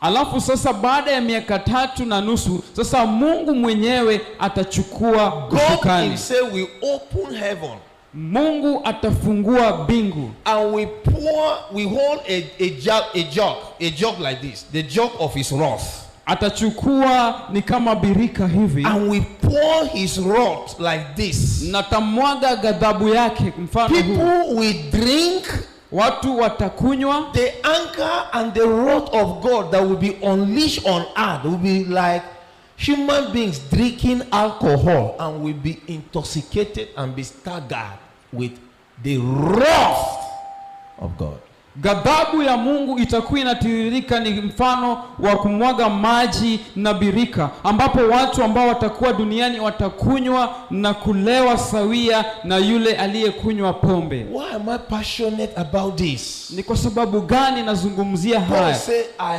Alafu sasa baada ya miaka tatu na nusu sasa Mungu mwenyewe atachukua God himself will open heaven. Mungu atafungua bingu And we pour we hold a, a jug a jug a jug like this, the jug of his wrath. Atachukua ni kama birika hivi. And we pour his wrath like this. natamwaga ghadhabu yake mfano huu. People will drink watu watakunywa the anger and the wrath of god that will be unleashed on earth will be like human beings drinking alcohol and will be intoxicated and be staggered with the wrath of god Ghadhabu ya Mungu itakuwa inatiririka, ni mfano wa kumwaga maji na birika, ambapo watu ambao watakuwa duniani watakunywa na kulewa sawia na yule aliyekunywa pombe. Why am I passionate about this? Ni kwa sababu gani nazungumzia haya?